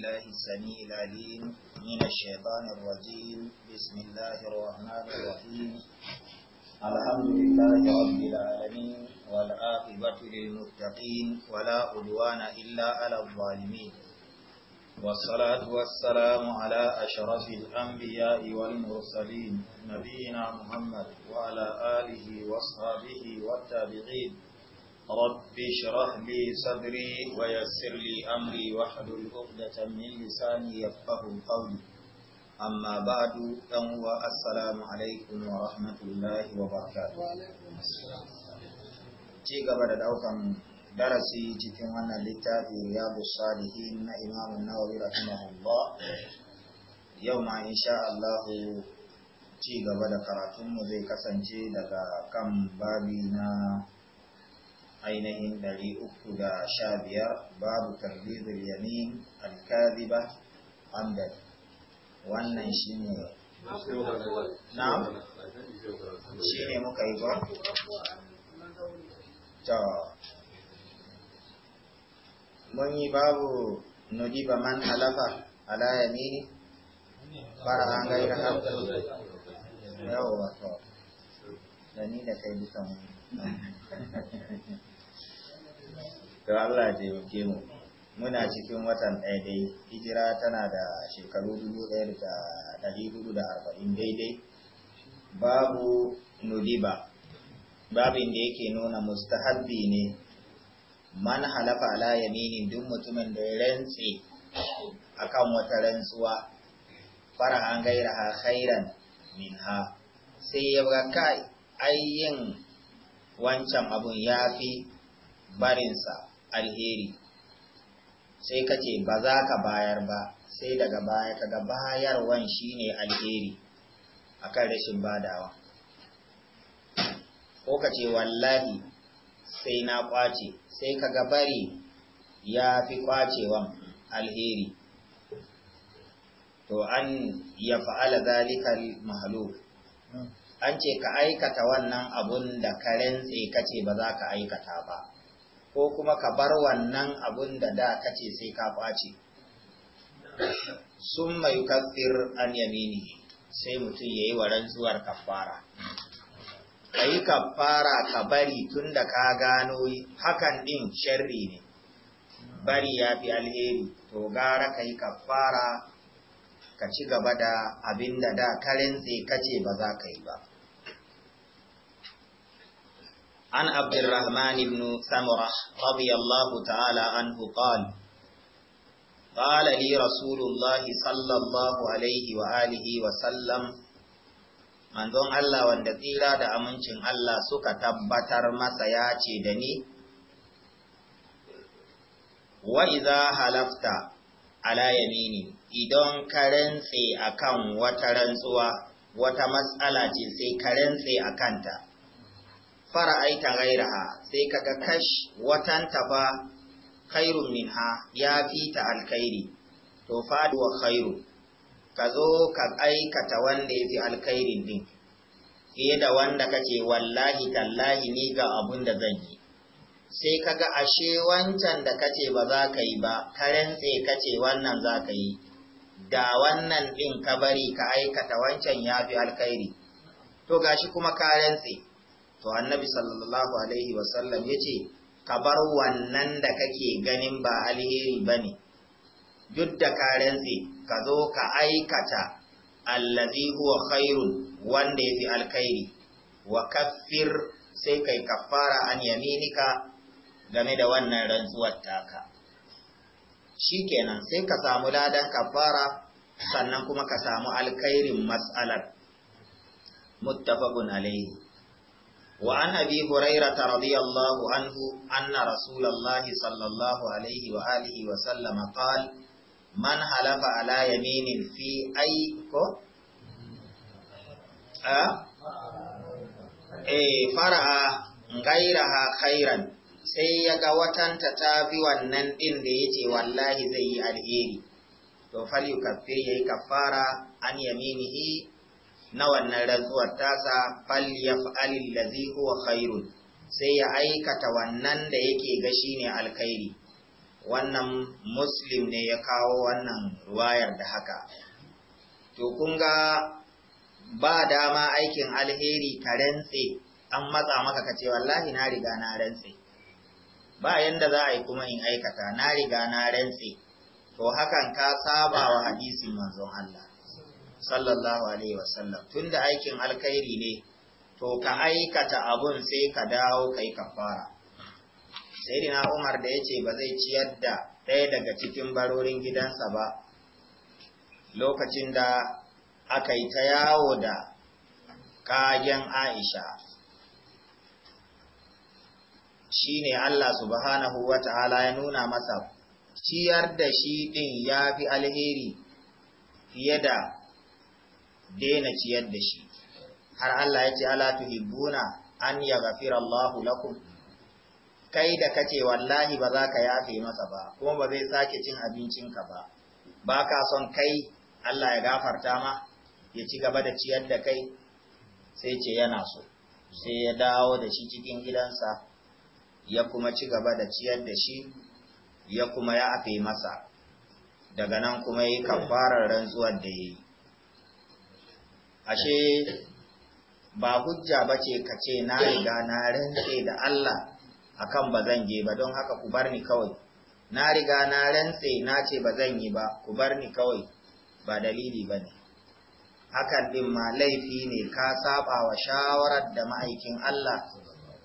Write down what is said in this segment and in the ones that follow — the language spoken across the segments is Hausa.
بالله السميع العليم من الشيطان الرجيم بسم الله الرحمن الرحيم الحمد لله رب العالمين والعاقبة للمتقين ولا عدوان إلا على الظالمين والصلاة والسلام على أشرف الأنبياء والمرسلين نبينا محمد وعلى آله وصحبه والتابعين رب اشرح لي صدري ويسر لي أمري واحلل عقدة من لساني يفقه قولي أما بعد فهو السلام عليكم ورحمة الله وبركاته ci gaba da daukan darasi cikin wannan littafi ya salihin na imamu nawawi rahimahullah yau ma insha Allah ci gaba da karatunmu zai kasance daga kan babi na ainihin dari uku da sha biyar babu tambizul yamin alkaziba amdan wannan shi ne na shi ne muka yi ba ta mun yi babu ba man halafa ala yamini fara an da haɗu yawa to da ni da kai bisa mun to Allah ya taimake mu muna cikin watan ɗaya dai hijira tana da shekaru arba'in daidai babu nudiba babin da yake nuna mustahabbi ne man halafa ala yamini duk mutumin da ya rantse akan wata rantsuwa gaira ha khairan minha sai ya ga kai ai wancan abun ya fi barinsa alheri sai ka ce ba za ka bayar ba sai daga baya kaga bayarwan shine alheri a kan rashin badawa ko ka ce wallahi sai na kwace sai kaga bari ya fi kwacewan alheri to an ya fa'ala zalikar mahalo an ce ka aikata wannan abun da karen ka ce ba za ka aikata ba ko kuma ka bar wannan abun da da kace sai ka kwace sun mai kafir an yamini sai mutum ya yi wa rantsuwar kafara ka yi kafara ka bari tun da ka gano hakan ɗin sharri ne bari ya fi alheri to gara ka yi kafara ka ci gaba da abin da da karen kace ba za ka yi ba An عبد الرحمن بن سمرة رضي الله تعالى عنه قال قال لي رسول الله صلى الله عليه وآله manzon Allah wanda tsira da amincin Allah suka tabbatar masa ya ce da ni wa idza halafta ala yamini idan ka rantse akan wata rantsuwa wata matsala ce sai ka rantse akanta Fara fara'aita gairaha sai kaga kash watanta fa khairun minha ya fi ta alkhairi to faduwa khairu ka zo ka aikata wanda ya fi alkhairin din fiye da wanda kace wallahi tallahi ni ga abun da zan yi sai kaga ashe wancan da kace ba za ka yi ba ka rantse kace wannan za ka yi da wannan din ka bari ka aikata wancan ya fi alkhairi to gashi kuma ka rantse to annabi sallallahu alaihi wasallam ya ce ka bar wannan da kake ganin ba alheri ba ne duk da ka rantse ka zo ka aikata allazi huwa khairun wanda ya fi alkhairi wa kaffir sai kai kafara an yaminika game da wannan rantsuwar taka shikenan sai ka samu ladan kafara sannan kuma ka samu alkhairin mas'alar muttafaqun alaihi وعن أبي هريرة رضي الله عنه أن رسول الله صلى الله عليه وآله وسلم قال من حلف على يمين في أي e gairaha khairan sai ya ga watanta ta fi wannan ɗin da ya ce wallahi zai yi alheri to fal kafir ya yi kafara an yaminihi na wannan rantsuwar tasa fal yaf'al allazi huwa khairun sai ya aikata wannan da yake ga shine alkhairi wannan muslim ne ya kawo wannan ruwayar da haka to kun ga ba dama aikin alheri ka rantse an matsa maka ka ce wallahi na riga na rantse ba yanda za a yi kuma in aikata na riga na rantse to hakan ka saba wa hadisin manzon Allah sallallahu alaihi wasallam tunda aikin alkhairi ne to ka aikata abun sai ka dawo kai kafara na Umar da ya ce ba zai ciyar da ɗaya daga cikin barorin gidansa ba lokacin da aka yi ta yawo da kagen Aisha shine Allah subhanahu wata'ala ya nuna masa ciyar da shi din fi alheri fiye da daina ciyar da shi har Allah ya ce ala tuhibbuna an yaghfira Allahu lakum kai da kace wallahi ba za ka yafe masa ba kuma ba zai sake cin abincin ka ba ba ka son kai Allah ya gafarta ma ya ci gaba da ciyar da kai sai ce yana so sai ya dawo da shi cikin gidansa ya kuma ci gaba da ciyar da shi ya kuma ya afe masa daga nan kuma yi kafarar rantsuwar da ya yi ashe ba hujja ba ce ka ce na riga na rantse da Allah akan ba zan je ba don haka ku bar ni kawai na riga na rantse na ce ba zan yi ba ku bar ni kawai ba dalili ba ne hakan din ma laifi ne ka saba wa shawarar da ma'aikin Allah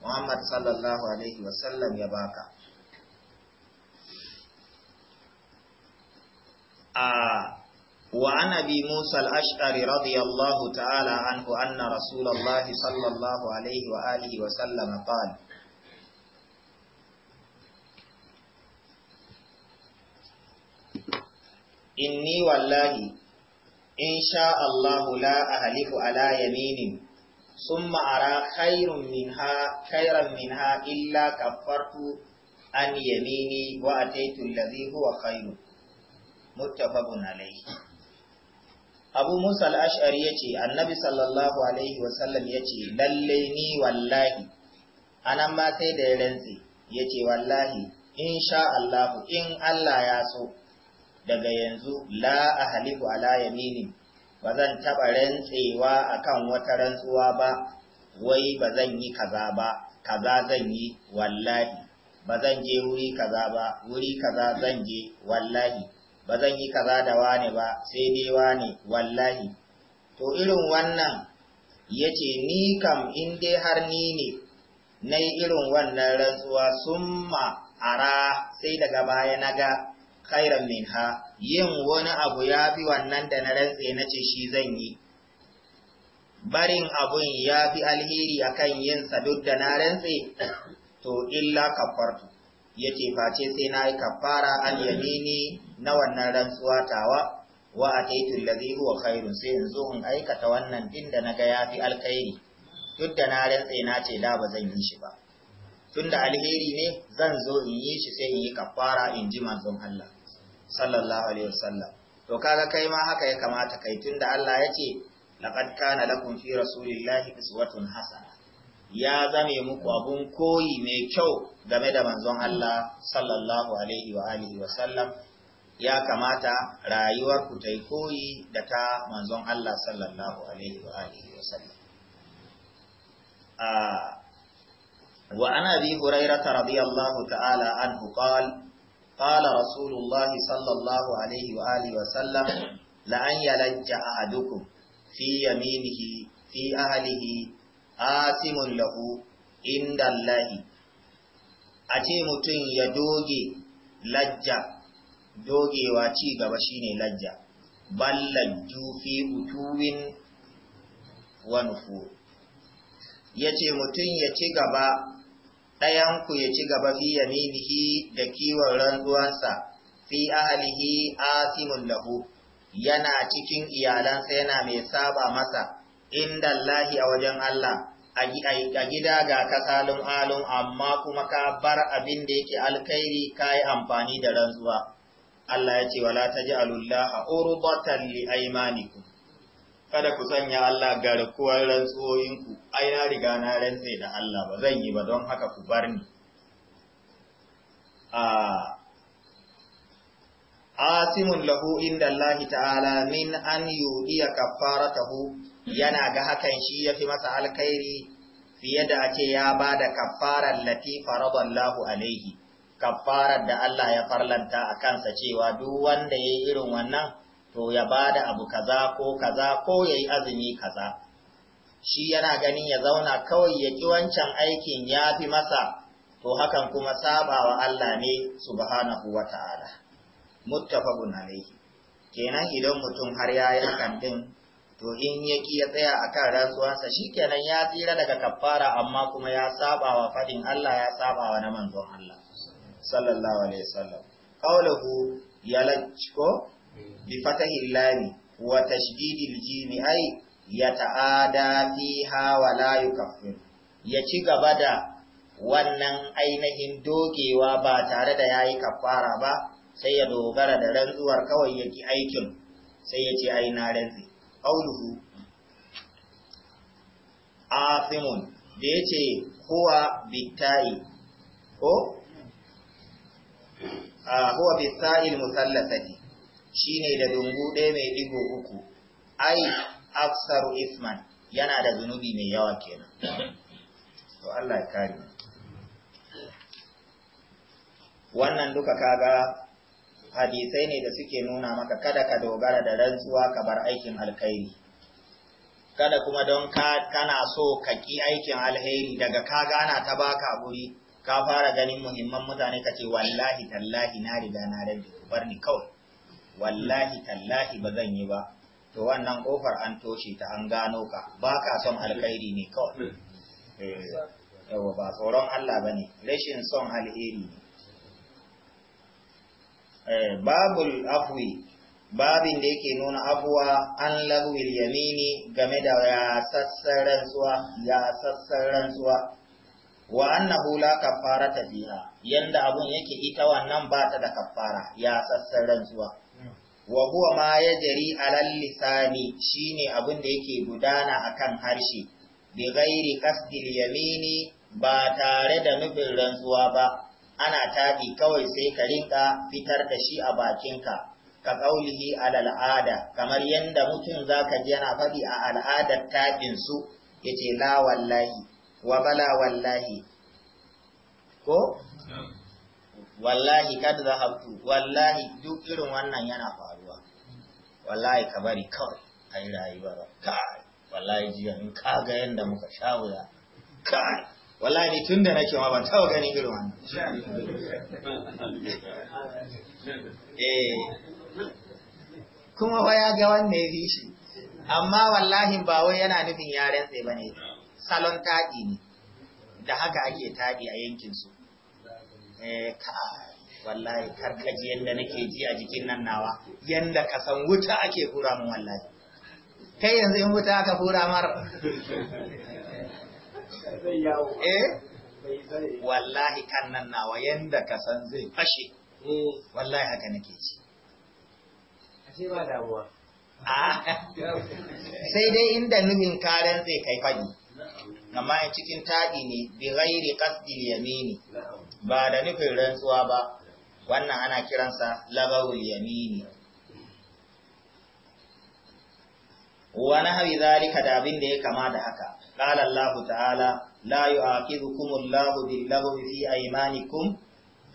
Muhammad sallallahu alaihi wasallam ya baka a وعن أبي موسى الأشعري رضي الله تعالى عنه أن رسول الله صلى الله عليه وآله وسلم قال إني والله إن شاء الله لا أهلك على يمين ثم أرى خير منها خيرا منها إلا كفرت عن يميني وأتيت الذي هو خير متفق عليه abu musa al'ashari ya yace, annabi sallallahu alaihi wasallam ya ce lalle ni wallahi Anan nan ma sai da ya rantse ya wallahi in sha Allahu in Allah ya so daga yanzu la a halifu ala yamini ba zan taɓa rantsewa akan wata rantsuwa ba wai ba zan yi kaza ba kaza zan yi wallahi ba zan je wuri kaza ba wuri kaza zan je wallahi ba zan yi kaza da wane ba sai dai wane wallahi to irin wannan ya ce ni kam in dai har ni ne na yi irin wannan rantsuwa summa ara sai daga baya na ga khairan minha yin wani abu ya fi wannan da na rantse na ce shi zan yi barin abun ya fi alheri akan yin duk da na rantse to illa kafartu ya ce face sai na yi kafara al yamini na wannan rantsuwa tawa wa ataitu allazi huwa khairun sai yanzu in aikata wannan din da naga yafi alkhairi duk da na rantsa na ce da ba zan yi shi ba tunda alheri ne zan zo in yi shi sai in yi kafara in ji manzon Allah sallallahu alaihi wasallam to kaga kai ma haka ya kamata kai tunda Allah ya ce laqad kana lakum fi rasulillahi uswatun hasana ya zame muku abun koyi mai kyau game da manzon Allah sallallahu alaihi wa alihi wa ya kamata rayuwar ku ta yi koyi da ta manzon Allah sallallahu alaihi wa alihi wa sallam wa ana bi hurairah radiyallahu ta'ala anhu qala قال رسول الله صلى الله عليه وآله وسلم لأن يلج أحدكم في يمينه في أهله آثم له عند الله أتي متن يدوغي dogewa ci gaba shine lajja ballan, jufi utuwin wa Ya yace mutum ya ci gaba ɗayanku ya ci gaba fi yaminihi da kiwon rantsuwansa fi ahalihi asimun lahu yana cikin iyalansa yana mai saba masa inda Allahi a wajen Allah a gida ga kasalin alun amma kuma ka bar abin da yake alkhairi ka yi amfani da rantsuwa Allah ya ce wala taj'alullaha urbatan li aymanikum kada ku sanya Allah garkuwar rantsuwoyinku ai na riga na rantse da Allah ba zan yi ba don haka ku bar ni a asimun lahu inda Allah ta'ala min an yudiya kafaratahu yana ga hakan shi ya fi masa alkhairi fiye da ake ya ba da kafarar lati faradallahu alaihi kafarar da Allah ya farlanta a kansa cewa duk wanda ya yi irin wannan to ya ba da abu kaza ko kaza ko ya yi azumi kaza shi yana ganin ya zauna kawai ya ki wancan aikin ya fi masa to hakan kuma sabawa Allah ne subhanahu wa ta'ala muttafaqun alayhi kenan idan mutum har ya yi hakan to in ya ki ya tsaya a kan rantsuwansa shi kenan ya tsira daga kafara amma kuma ya saba wa faɗin Allah ya saba wa na manzon Allah. sallallahu alaihi wasallam qawluhu yalajko bi fatahi lani wa tashdidil jimi ay yata'ada fiha wa la yukaffir ya ci gaba da wannan ainihin dogewa ba tare da yayi kafara ba sai ya dogara da rantsuwar kawai yake aikin sai ya ce ai na rantsi qawluhu afimun da yace huwa bitai ko Ah, huwa bisa'il musallasati shine da dungu ɗaya mai digo uku ai aksaru isman yana da zunubi mai yawa kenan to Allah ya kare wannan duka kaga hadisai ne da suke nuna maka kada ka dogara da rantsuwa ka bar aikin alkhairi kada kuma don kana so ka ki aikin alheri daga ka gana ta baka guri ka fara ganin muhimman mutane ka ce wallahi tallahi na riga na rage bar ni kawai wallahi tallahi ba zan yi ba to wannan kofar an toshe ta an gano ka ba ka son alkhairi ne kawai eh, yawa ba tsoron Allah ba rashin son alheri ne eh, babul afwi babin da yake nuna abuwa an lagwil yamini game da ya sassan rantsuwa ya sassan rantsuwa wa annahu la kafarata biha yanda abun yake ita wannan ba ta da kafara ya sassaran zuwa wa huwa ma yajri ala lisani shine abun da yake gudana akan harshe bi ghairi qasdi yamini ba tare da nufin rantsuwa ba ana tabi kawai sai ka rinka fitar da shi a bakinka ka ala al'ada kamar yadda mutum zaka ji yana faɗi a al'adar tabin su yace la wallahi wa bala wallahi ko wallahi kad zahabtu wallahi duk irin wannan yana faruwa wallahi ka bari kawai yi rayuwa kai wallahi jiya in ka ga yanda muka sha wuya kai wallahi ni tunda nake ma ban taba ganin irin wannan eh kuma waya ya ga wanne ya shi amma wallahi ba wai yana nufin yaren sai bane salon taɗi ne da haka ake taɗi a yankinsu eh ka wallahi karkaji yadda nake ji a jikin nan nawa yadda ka san wuta ake hura mun wallahi kai yanzu in wuta aka hura mar eh wallahi kan nan nawa yadda ka san zai fashe eh. wallahi haka nake ji ashe ba damuwa ah. sai dai inda nufin karen zai kai fagi amma in cikin taɗi ne bi ghairi qasdi yamini ba da nufin rantsuwa ba wannan ana kiransa labawul yamini wa nahwi zalika da abin da ya kama da haka qala Allah ta'ala la yu'akhidhukum Allahu bil lagwi fi aymanikum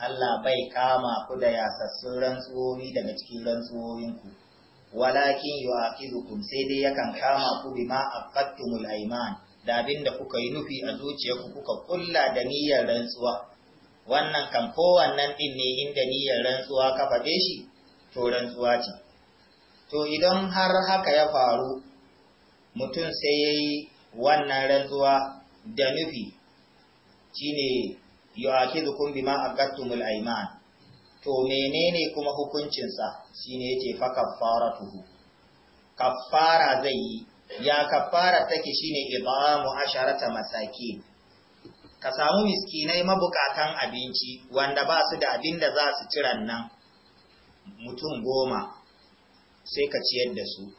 Allah bai kama ku da yasassun rantsuwoyi daga cikin rantsuwoyinku walakin yu'akhidhukum sai dai yakan kama ku bima aqattumul iman. da abin da kuka yi nufi a zuciyarku kuka kulla da niyyar rantsuwa wannan kan kowannan din ne inda niyyar rantsuwa ka faɗe shi to rantsuwa ce to idan har haka ya faru mutum sai ya yi wannan rantsuwa da nufi shine yu'akidukum bima aqattumul ayman to menene kuma hukuncinsa shine yace fa kaffaratuhu kaffara zai yi ya kafara take shine ibamu asharata masaki ka samu miskinai mabukatan abinci wanda ba su da abin da za su cira nan mutum goma sai ka ciyar da su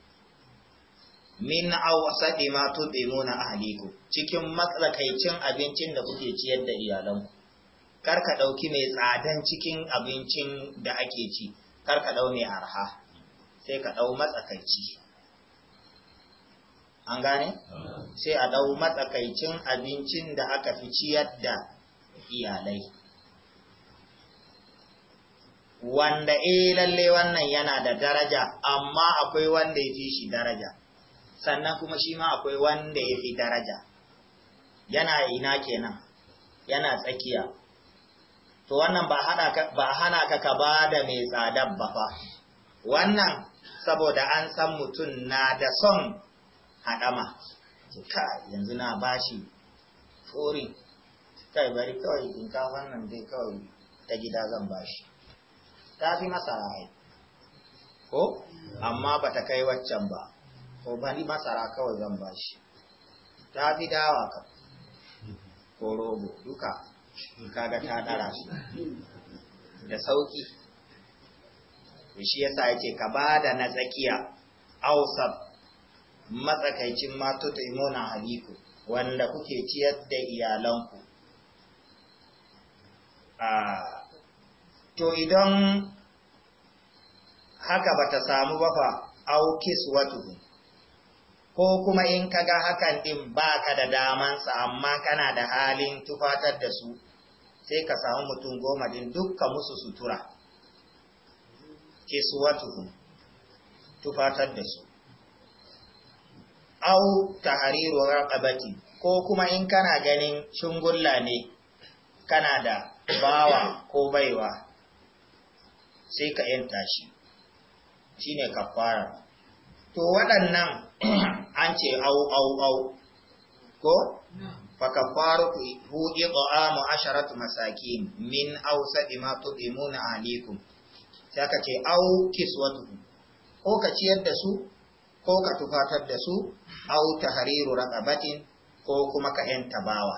min awsadi ma tudimuna ahliku cikin matsakaicin abincin da kuke ciyar da iyalanku kar ka dauki mai tsadan cikin abincin da ake ci kar ka dau mai arha sai ka dau matsakaici an gane ah. sai a ɗau matsakaicin abincin da aka fi ciyar da iyalai wanda eh lalle wannan yana da daraja amma akwai wanda ya fi shi daraja sannan kuma shi ma akwai wanda ya fi daraja yana ina kenan yana tsakiya to wannan ba hana ka ka ba da mai tsada ba fa wannan saboda an san mutum na da son haɗama ka yanzu na bashi forin kai bari kawai ka wannan dai kawai ta gida zan bashi ta fi masara ai ko amma ba ta kai waccan ba ko bari masara kawai zan bashi ta fi dawa ka ko rogo duka kaga ta dara su da sauki shi yasa yake ka ba da na tsakiya ausab matsakaicin matu na haliku wanda kuke ciyar da iyalanku to idan haka bata samu ba fa aukis watu? ko kuma in kaga hakan din baka da damansa amma kana da halin tufatar da su sai ka samu mutum goma din dukka musu sutura kiswatuhu tufatar da su au tahariru raqabati ko kuma in kana ganin shungulla ne kana da bawa ko baiwa sai ka yanta shi shine kafara to waɗannan an ce au au au ko fa kafaru hu iqamu asharatu masakin min awsadi ma tudimuna alaikum sai ka ce au kiswatu ko ka ciyar da su ko ka tufatar da su aw tahriru raqabatin ko kuma ka yanta bawa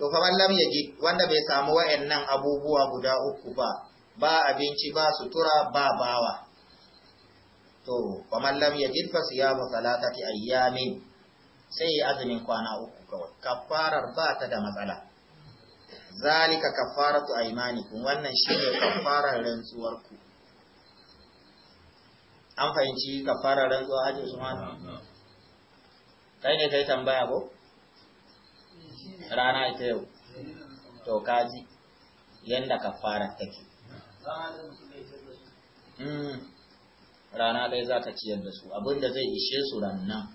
to fa wallam yaji wanda bai samu wa'annan abubuwa guda uku ba ba abinci ba sutura ba bawa to fa wallam yaji fa siyamu salatati ayyamin sai azumin kwana uku kawai kafarar ba ta da matsala zalika kafaratu aymanikum wannan shine kafarar rantsuwar ku an fahimci kafarar rantsuwa su ma kai ne kai tambaya ko rana ita yau to kaji yanda kafara take hmm. rana ɗaya za ka ciyar da su abinda zai ishe su rannan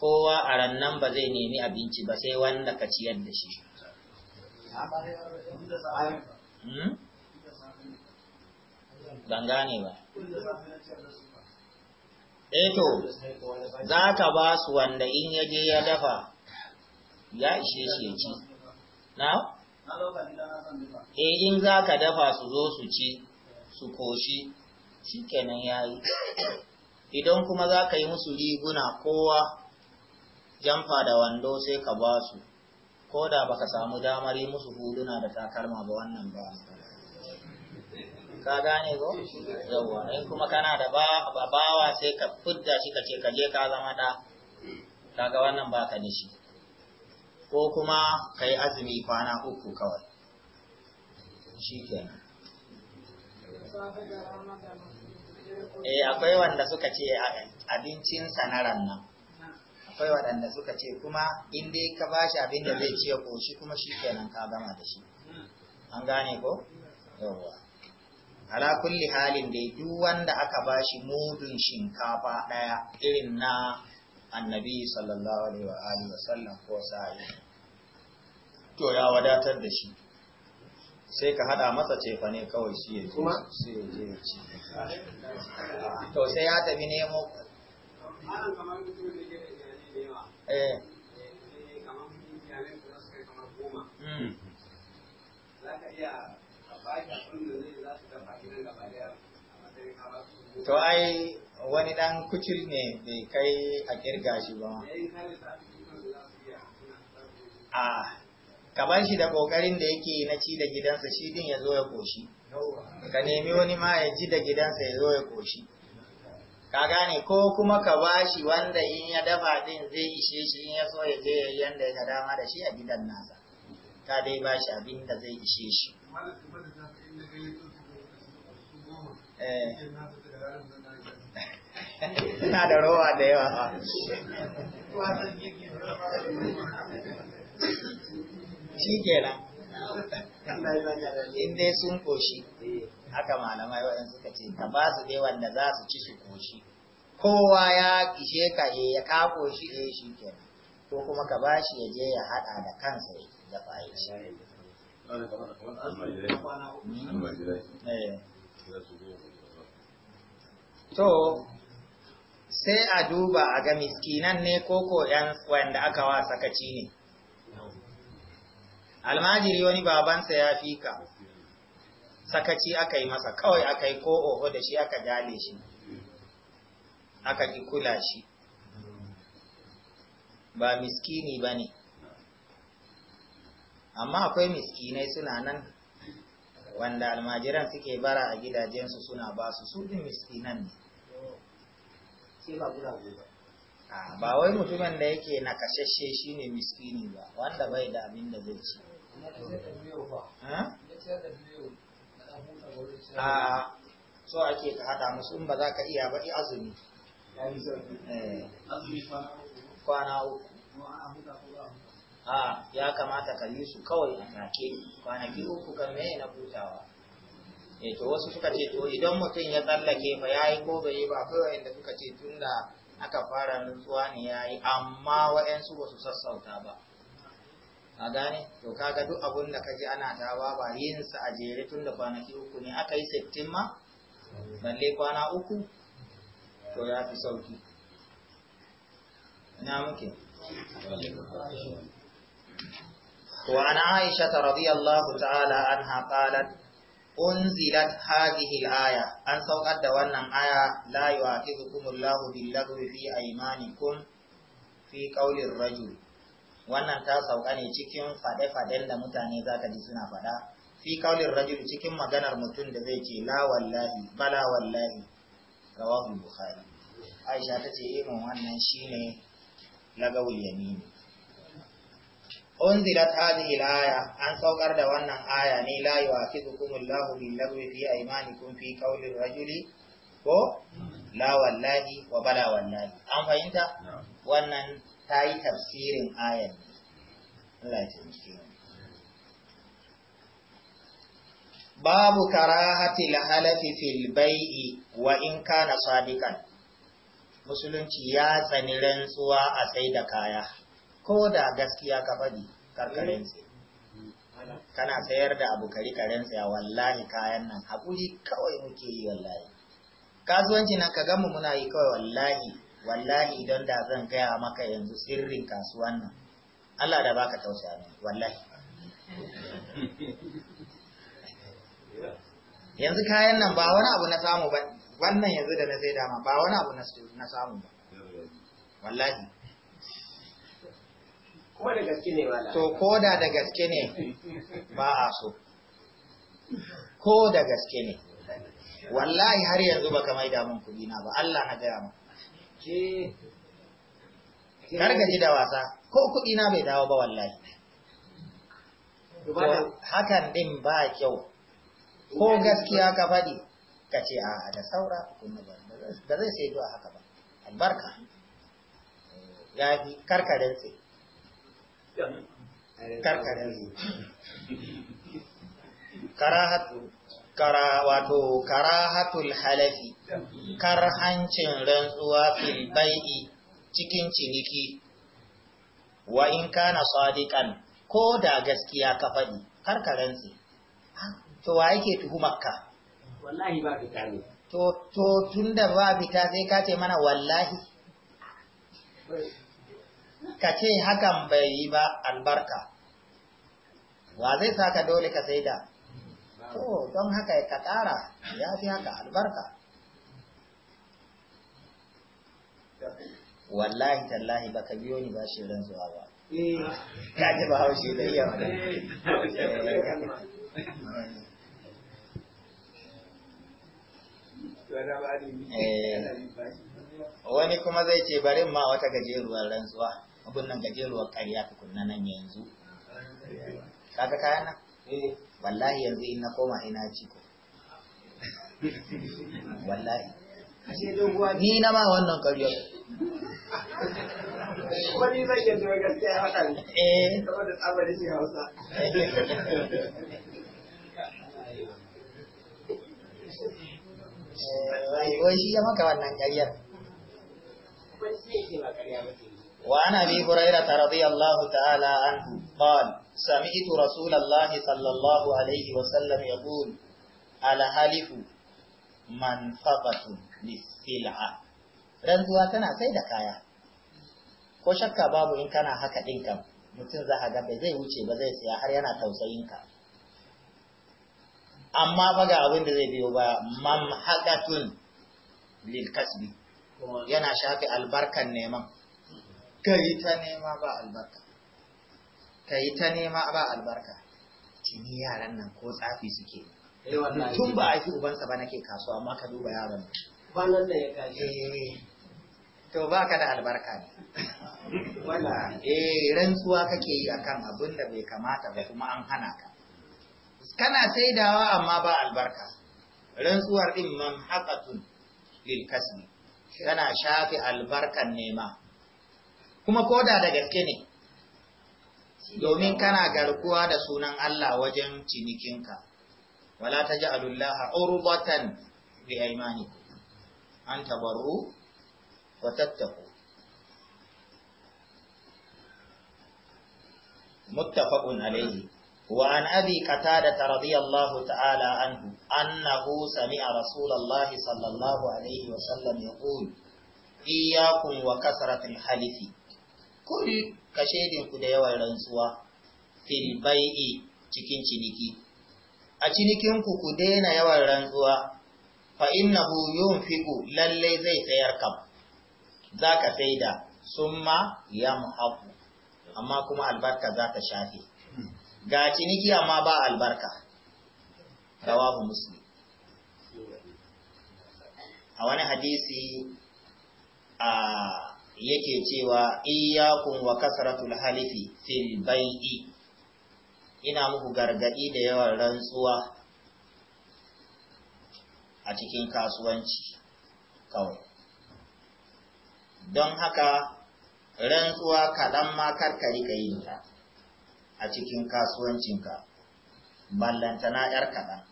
kowa a rannan ba zai nemi abinci ba sai wanda ka ciyar da shi hmm? ban gane ba eto eh za ka ba su wanda in ya ya dafa ya ishe shi ya ci na? e in za ka dafa su zo su ci su koshi shi kenan ya yi idan kuma za ka yi musu riguna kowa jamfa da wando sai ka ba su ko da baka samu damar yi musu huduna da takalma ba wannan ba ka gane ko yawwa in kuma kana da bawa sai ka fudda shi ka ce ka je ka zama ɗa kaga wannan ba ka nishi. ko kuma ka yi azumi kwana uku kawai shi kenan eh akwai wanda suka ce abincin sanaran nan, akwai waɗanda suka ce kuma in dai ka ba shi abin da zai ko koshi kuma shi kenan ka gama da shi an gane ko yawwa ala kulli halin dai duk wanda aka bashi mudun shinkafa ɗaya irin na annabi sallallahu alaihi wa alihi wa sallam ko sa'i to ya wadatar da shi sai ka hada masa cefa ne kawai shi ya kuma sai ya je ci to sai ya tafi nemo eh Mm. Za ka iya a baki abin da zai to ai wani ɗan kucir ne bai kai a kirga shi ba eh, a kaban shi da kokarin da yake na ci da gidansa shi din ya zo ya koshi ka nemi wani ma ya ji da gidansa ya zo ya koshi ka gane ko kuma ka bashi wanda in ya dafa din zai ishe shi in ya so ya je ya yanda ya dama da shi a gidan nasa ka dai bashi abin da zai ishe shi Eh. Ina da rowa da yawa. Shi nan. In dai sun koshi, haka malamai waɗanda suka ce, ka ba su dai wanda za su ci su koshi. Kowa ya kishe ka eh, ya kako shi eh shi nan. Ko kuma ka ba shi ya je ya haɗa da kansa ya dafa ya ci. to sai a duba a ga miskinan ne koko yan wanda aka wa sakaci ne almajiri wani babansa ya fika sakaci aka yi masa kawai aka yi ko oho da shi aka gale shi aka ki kula shi ba miskini ba ne amma akwai miskinai suna nan wanda almajiran suke bara a gidajensu suna ba su sudin miskinan ne ba ba wai mutumin da yake na kashashe shi ne miskini ba wanda bai da abin da zai ci a so ake ka hada musu ba za ka iya ba i eh. azumi kwana uku a ya kamata ka yi su kawai a take kwanaki uku kan mai na hutawa e to wasu suka ce to idan mutum ya tsallake fa ya yi ko bai yi ba kawai inda suka ce tun da aka fara nutsuwa ne ya yi amma wa'ansu ba su sassauta ba a gane to kaga duk abun da kaji ana tawa ba yin sa a jere tun da kwanaki uku ne aka yi sittin ma balle kwana uku to ya fi sauki na muke وعن عائشة رضي الله تعالى عنها قالت unzilat hadhihi al-aya an saukar da wannan aya la yu'akhidhukumullahu billaghwi fi aymanikum fi ar rajul wannan ta sauka ne cikin fade-faden da mutane za ka ji suna fada fi ar rajul cikin maganar mutum da zai ce la wallahi bala wallahi rawahu bukhari aisha tace irin wannan shine lagawul yamini unzilat hadhihi al-aya an saukar da wannan aya ne la yu'akhidhukum Allahu bil lagwi fi aymanikum rajuli ko la wallahi wa bala wallahi an fahimta wannan ta yi tafsirin ayan Allah ya taimake babu karahati halafi fil bai'i wa in kana sadiqan musulunci ya tsani rantsuwa a sai da kaya ko da gaskiya ka faɗi karkarin kana sayar da abu kari karen tsaya wallahi kayan nan haƙuri kawai muke yi wallahi kasuwanci nan ka mu muna yi kawai wallahi wallahi don da zan gaya maka yanzu sirrin kasuwan nan Allah da baka tausaya ne wallahi yanzu kayan nan ba wani abu na samu ba wannan yanzu da na sai dama ba wani abu na samu ba wallahi Kuma da gaske ne To ko da da gaske ne ba a so. Ko da gaske ne. Wallahi har yanzu ba ka maida mun kuɗi na ba Allah na gaya mun. Kar ka ji da wasa ko kuɗi na bai dawo ba wallahi. Hakan din ba kyau. Ko gaskiya ka faɗi ka ce a da saura kuma ba zai sai zuwa haka ba. Albarka. Ya fi karkarin tsaye. wato karahatul halafi karhancin rantsuwa fil bai'i cikin ciniki wa in kana sadiqan ko da gaskiya ka faɗi kar to wa yake tuhumarka wallahi ba fita ne to to tunda ba fita sai ka ce mana wallahi ka ce hakan bai yi ba albarka wa zai sa ka dole ka saida to don haka ka ƙara ya fi haka albarka wallahi tallahi ba ka biyo ni ba shi zuwa ba ka ji ba haushi da iya eh, wani kuma zai ce barin ma wata gajeruwar rantsuwa abin nan gajeruwar ƙarya tukunna nan yanzu kaga kayan nan eh, wallahi yanzu ina koma ina ci ko wallahi ni na ma wannan ƙarya wani zai yanzu gaskiya haka ne eh saboda tsabarin shi hausa eh, wai shi ya maka wannan ƙaryar wani zai ce ba ƙarya ba ce وعن أبي هريرة رضي الله تعالى عنه قال سمعت رسول الله صلى الله عليه وسلم يقول الهلف منفقة للسلعة رنزوا تنا سيدة كايا ko shakka babu in kana haka ɗinka, kam mutum za ga bai zai wuce ba zai siya har yana tausayin ka amma baga ga abin da zai biyo ba mamhaqatun lil kasbi yana shafi albarkan neman ka yi ta nema ba albarka ka yi ta nema ba albarka tuni yaran nan ko tsafi suke eh, tun ba a fi ubansa ba nake kasuwa amma ka duba yaran ba nan da ya kashe eh. to ba ka da albarka ne wala eh rantsuwa kake yi akan abin da bai kamata ba kuma an hana ka kana saidawa amma ba albarka rantsuwar din man haqatun lil kasbi kana shafi albarkan nema kuma koda da gaske ne domin kana garkuwa da sunan Allah wajen cinikinka wala taj'alullaha urbatan bi aymanikum an tabarru wa tattaqu muttafaqun alayhi وعن أبي قتادة رضي الله تعالى عنه أنه سمع رسول الله صلى الله عليه وسلم يقول إياكم وكسرة الحلف Kuɗi ka ku da yawan rantsuwa fil bai'i cikin ciniki a cinikin ku ku daina yawan rantsuwa fa innahu yunfiqu lalle zai sayar kam zaka saida summa yamhaqu amma kuma albarka zaka shafe ga ciniki amma ba albarka rawahu muslim a wani hadisi a yake cewa iyakun wa kasratul halifi fil bai'i ina muku gargadi da yawan rantsuwa a cikin kasuwanci kawai don haka rantsuwa kaɗan ma karkari ka yi ta a cikin kasuwancinka ballantana 'yar kaɗan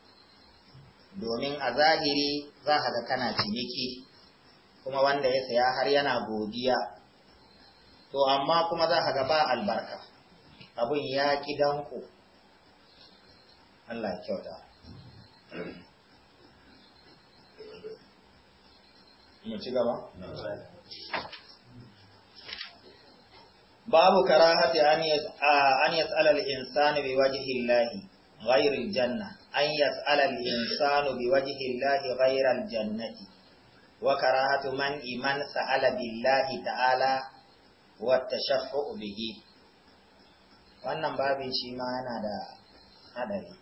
domin a zahiri za ka ga kana ciniki kuma wanda ya saya har yana godiya to amma kuma za a ba albarka abin ya ƙi danko Allah kyauta mu ci gaba babu karahati an yas'ala al-insanu bi wajhi Allah ghayr al-janna an yas'ala al bi wajhi Allah ghayr al-jannati wa karahatu man iman sa'ala billahi ta'ala wa tashaffu bihi wannan babin shi ma yana da hadari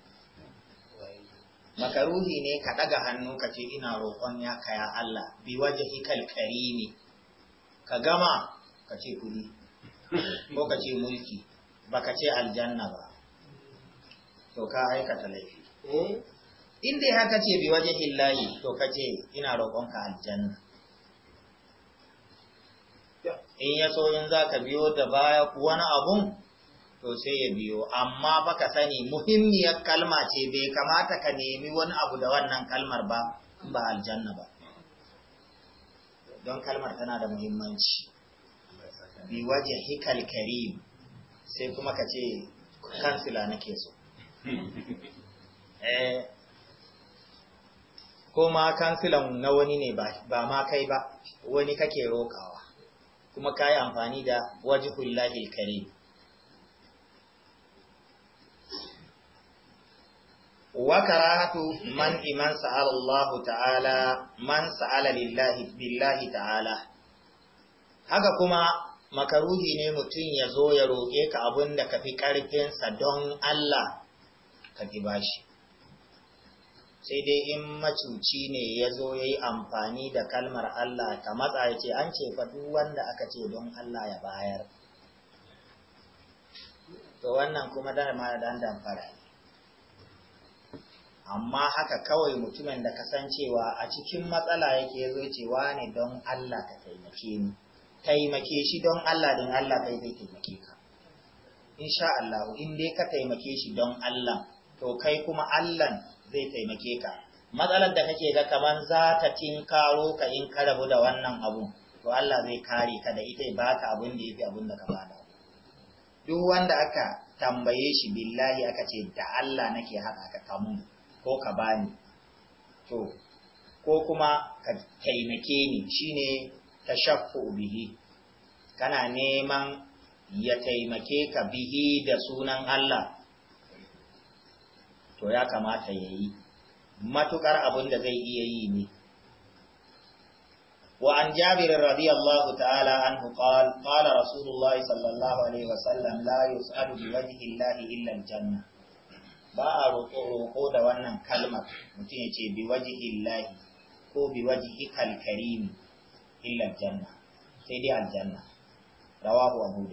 makaruhi ne ka ɗaga hannu ka ce ina roƙon ya kaya Allah bi waje hikal karimi ka gama ka ce kudi ko ka ce mulki ka ce aljanna ba to ka aikata laifi eh? in dai haka ce bi waje hillahi to ka ce ina roƙonka aljanna in ya so in za ka biyo da baya wani abun to sai ya biyo amma baka sani muhimmiyar kalma ce bai kamata ka nemi wani abu da wannan kalmar ba ba aljanna ba don kalmar tana da muhimmanci bi waje hikal karim sai kuma ka ce kansila nake so eh, ko ma kansilan na wani ne ba ma kai ba wani kake rokawa kuma ka yi amfani da wajihullahil karim wa karahatu man iman sa'ala ta'ala man sa'ala lillahi ta'ala haka kuma makaruhi ne mutum ya zo ya roƙe ka abin da ka fi ƙarfinsa don Allah ka fi bashi sai dai in macuci ne ya zo ya yi amfani da kalmar Allah ka matsa ya ce an ce duk wanda aka ce don Allah ya bayar to wannan kuma da ma dan damfara amma haka kawai mutumin da kasancewa a cikin matsala yake zo cewa ne don Allah ka taimake ni taimake shi don Allah don Allah kai zai taimake ka sha Allah in dai ka taimake shi don Allah to kai kuma Allah zai taimake ka matsalar da kake ga kaman za ta tinkaro ka in ka rabu da wannan abun to Allah zai kare ka da ita baka abun da yafi abun da ka bada duk wanda aka tambaye shi billahi aka ce da Allah nake haɗa ka kamun ko ka bani to ko kuma ka taimake ni shine tashaffu bihi kana neman ya taimake ka bihi da sunan Allah to ya kamata ya yi Matuƙar abin da zai iya yi ne وعن جابر رضي الله تعالى عنه قال قال رسول الله صلى الله عليه وسلم لا يسأل بوجه الله إلا الجنة ba a roƙo da wannan kalmar mutum ya ce bi waje illahi ko bi waje hikal karimi janna aljanna rawahu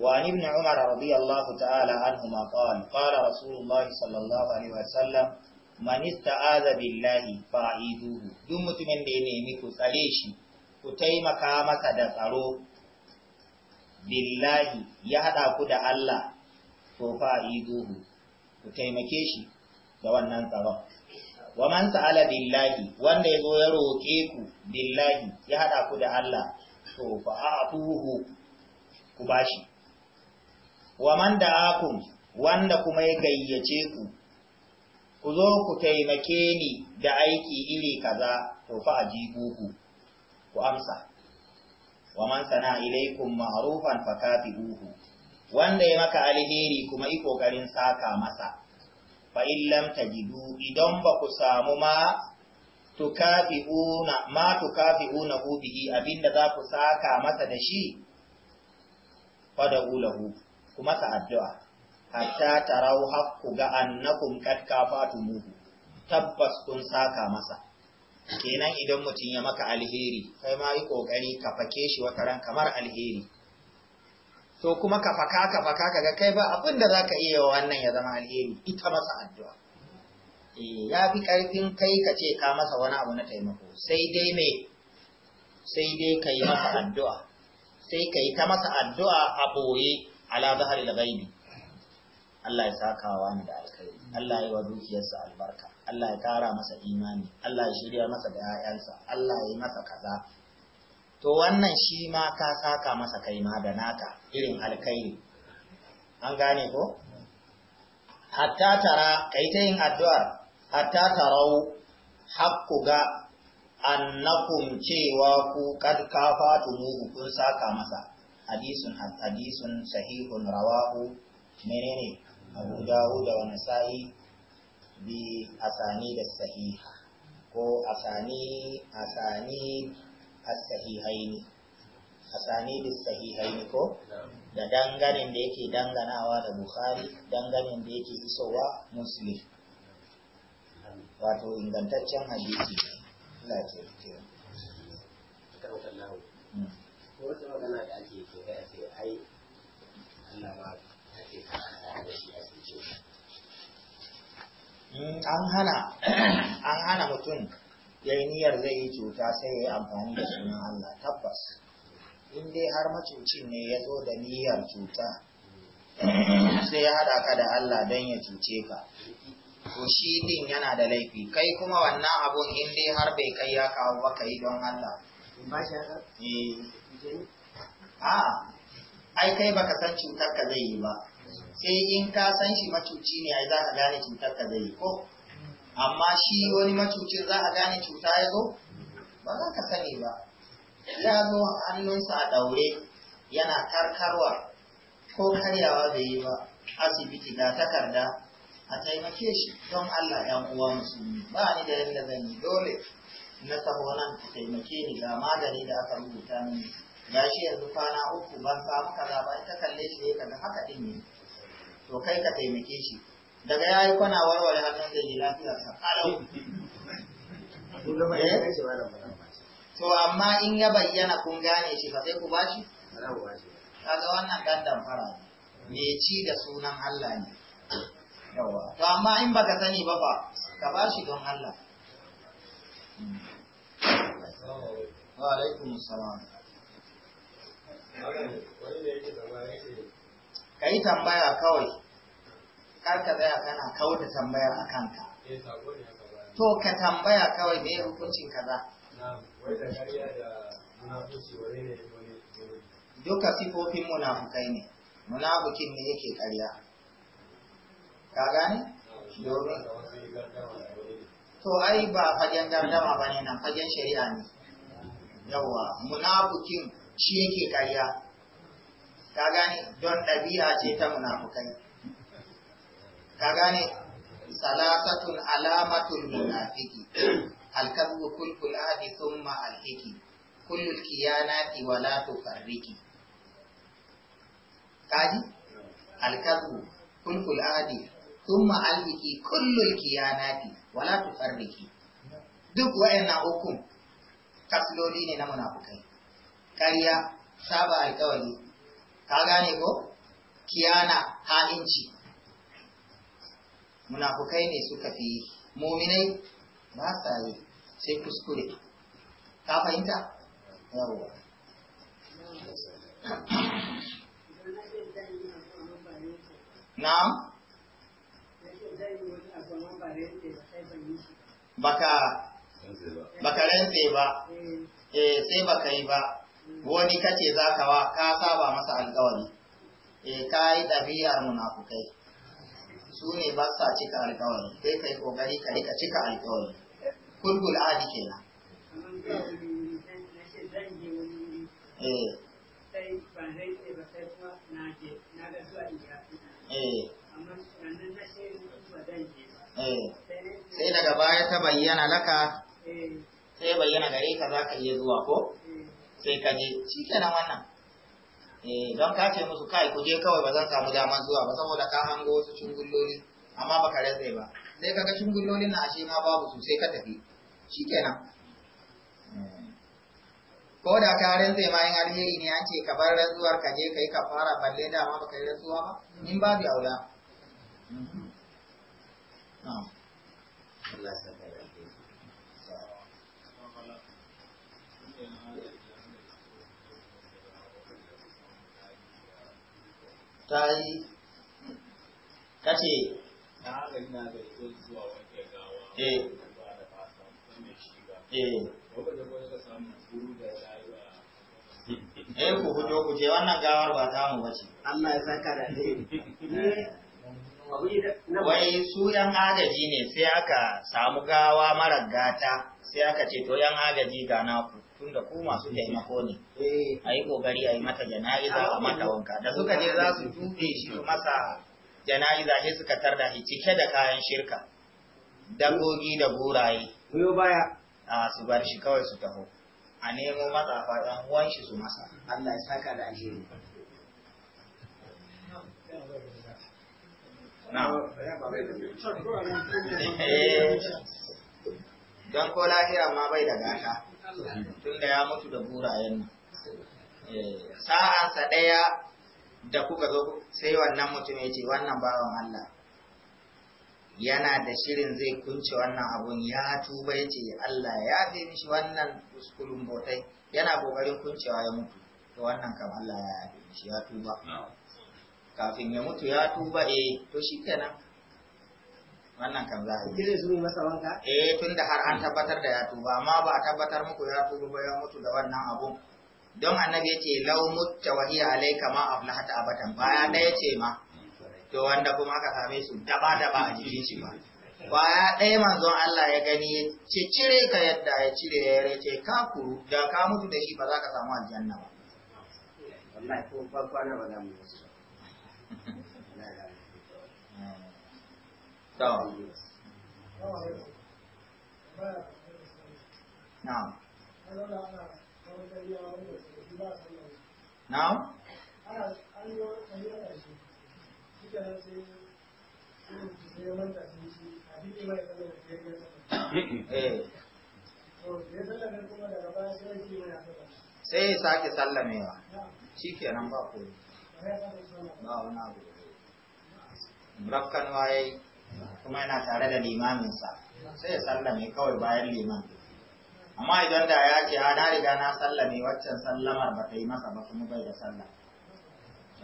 وعن ابن عمر رضي الله تعالى عنهما قال قال رسول الله صلى الله عليه وسلم man ista'aza billahi fa'iduhu duk mutumin da ya nemi ku tsare shi ku taimaka masa da tsaro billahi ya hada ku da Allah to fa'iduhu ku taimake shi da wannan tsaron wa man sa'ala wanda ya roke ku billahi ya hada ku da Allah to ku bashi wa man da'akum wanda kuma ya gayyace ku ku zo ku taimake ni da aiki iri kaza to fa ajibu ku ku amsa wa man sana ilaikum ma'rufan fakatibuhu wanda ya maka alheri kuma yi saka masa fa illam tajidu idan ba ku samu ma tukafi'una ma tukafi'una bihi abinda za ku saka masa da shi fada hu. kuma ta addu'a hatta tarau hakku ga annakum qad kafatumuhu tabbas kun saka masa kenan idan mutum ya maka alheri kai ma yi kokari ka fake shi wata ran kamar alheri to kuma ka faka ka faka ka ga kai ba abin da zaka iya wa wannan ya zama alheri ita masa addu'a eh ya fi karfin kai ka ce ka masa wani abu na taimako sai dai me sai dai kai masa addu'a sai kai ta masa addu'a a ɓoye. ala zahar da Baibi, Allah ya sakawa ni da alkhairi Allah ya wa dukiyarsa albarka Allah ya kara masa imani Allah ya shirya masa da ƴaƴansa Allah ya yi masa kaza to wannan shi ma ka saka masa kai ma da naka irin alkhairi an gane ko hatta tara kai ta yin addu'ar hatta tarau hakku ga annakum cewa ku kad kafatu mu kun saka masa hadisun hadisun sahihun rawahu menene abu dawud wa nasa'i bi asani da sahiha ko asani asani as-sahihaini asani da sahihaini ko da danganin da yake danganawa da bukhari dangane da yake isowa muslim wato ingantaccen hadisi Allah ya tsare wata magana da ake ke ai Allah ta da shi a cikin an hana an hana mutum ya yi niyyar zai yi cuta sai ya yi amfani da sunan Allah tabbas in dai har macucin ne ya zo da niyyar cuta sai ya haɗa ka da Allah don ya cuce ka to shi din yana da laifi kai kuma wannan abun in dai har bai kai ya kawo ba ka yi don Allah. Ba shi a ai kai baka san cutar ka zai yi ba sai in ka san shi macuci ne ai za ka gane cutar ka zai yi ko amma shi wani macucin za a gane cuta ya zo ba za ka sani ba ya zo hannunsa a daure yana karkarwa ko karyawa bai yi ba asibiti ga takarda a taimake shi don Allah ‘yan uwa musulmi ba ni da yadda zan yi dole na sabo nan taimake ni ga magani da aka rubuta mini gashi yanzu kwana uku ban samu kaza ba ka kalle shi ne kaga haka din ne to kai ka taimake shi daga yayi kwana warware hannun da yi sa eh? to amma in ya bayyana kun gane shi ba sai ku bashi kaga wannan dan damfara ne me ci da sunan Allah ne yawa to amma in baka sani ba ba ka bashi don Allah hmm. wa ka yi tambaya kawai karka tsaya kana da tambayar a kanka to ka tambaya kawai me hukuncin kaza duka sifofin munafukai ne munafukin ne yake karya ka gane domin to ai ba fagen gardama ba ne nan fagen shari'a ne yawa munafukin shi yake ƙarya ka gane don ɗabi'a ce ta munafukai ka gane salasatun alamatul munafiki alkazbu kulkul adi thumma alhiki kullul kiyanati wala tufarriki kaji alkazbu kulkul adi thumma alhiki kullul kiyanati wala tufarriki duk wa'annan hukum kasloli ne na munafukai kariya saba alkawari ka gane ko kiyana ha'inci munafukai ne suka fi muminai ba sa yi sai kuskure ka fahimta yawwa na'am baka baka rantse ba eh sai baka yi ba wani kace za ka wa ka saba masa alkawari e eh, ka yi ɗabi'ar munafukai su ne ba sa cika alkawari sai kai kokari ka rika cika alkawari kurgul adi kenan nan. Eh. Eh. sai daga baya ta bayyana laka sai bayyana gare ka za ka iya zuwa ko sai ka je shi kenan wannan eh don ka ce musu kai ku je kawai ba zan samu daman zuwa ba saboda ka hango wasu cungulloli amma ba ka rantsa ba sai ga cungullolin na ashe ma babu su sai ka tafi shi kenan eh. ko da ka rantsa ma in alheri ne an ce ka bar rantsuwar ka je ka yi fara balle da ma baka yi rantsuwa ba in babu aula mhm. Allah ta yi kace eh eh. eh ku fito ku ce wannan gawar ba ta mu bace Allah ya saka da eh. wai su yan agaji ne sai aka samu gawa mara gata sai aka ce to yan agaji ga naku tun da ku masu taimako ne eh. a yi ƙoƙari a yi mata jana'iza a mata wanka da suka je za su tufe shi su masa jana'iza sai suka tarda shi cike da kayan shirka dangogi da guraye baya a su bar shi kawai su taho a nemo matsafa ɗan uwan shi su masa Allah ya saka da alheri eh. don ko lahira ma bai da gata tunda ya mutu da burayen nan eh, sa'ansa ɗaya da kuka zo sai wannan mutum ya ce wannan bawan Allah yana da shirin zai kunce wannan abun ya tuba ya ce Allah ya fi mishi wannan kuskulun botai yana kokarin kuncewa ya mutu to wannan kam Allah ya fi mishi ya tuba kafin ya mutu ya tuba eh to shikenan wannan kan za a yi zai zuru masa wanka eh da har an tabbatar da ya tuba amma ba a tabbatar muku ya tuba ba ya mutu da wannan abun don annabi yace law mutta wa hiya alayka ma aflahata abatan baya da yace ma to wanda kuma aka same su daba daba a jikin shi ba baya ɗaya manzon Allah ya gani ya ce cire ka yadda ya cire ya yare ka kuru da ka mutu da shi ba za ka samu aljanna ba wallahi ko ba kwana ba za mu yi na'am na'am na'am sai ya sake sallamewa shi ke nan ba ku. ba wani abu Rakkanwa ya yi kuma yana tare da limaminsa sai ya sallame kawai bayan liman amma idan da ya ce a ah, na riga na sallame waccan sallamar ba ta yi masa ba kuma bai da sallah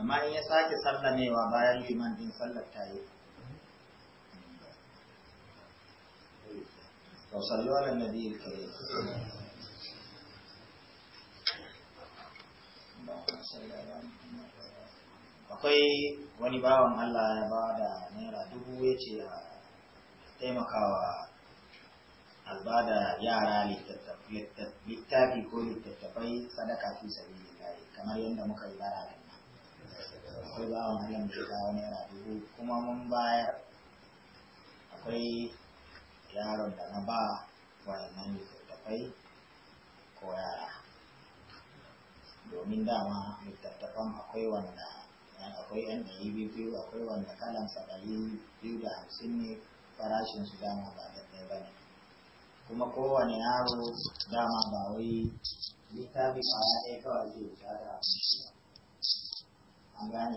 amma in ya sake sallamewa bayan liman din sallar ta yi akwai wani bawan Allah ya ba da naira dubu ya ce a taimakawa albada yara littafi ko littattafai sadaka fi sabi kamar yadda muka yi bara da akwai bawan Allah da kawo naira dubu kuma mun bayar akwai yaron da na ba wayannan littattafai ko yara domin dama littattafan akwai wanda nan akwai yan ɗari biyu biyu akwai wanda kalansa ɗari biyu da hamsin ne farashin su dama ba da ɗaya ba ne kuma kowane yaro dama ba wai littafi ba ɗaya kawai zai wuta da an gane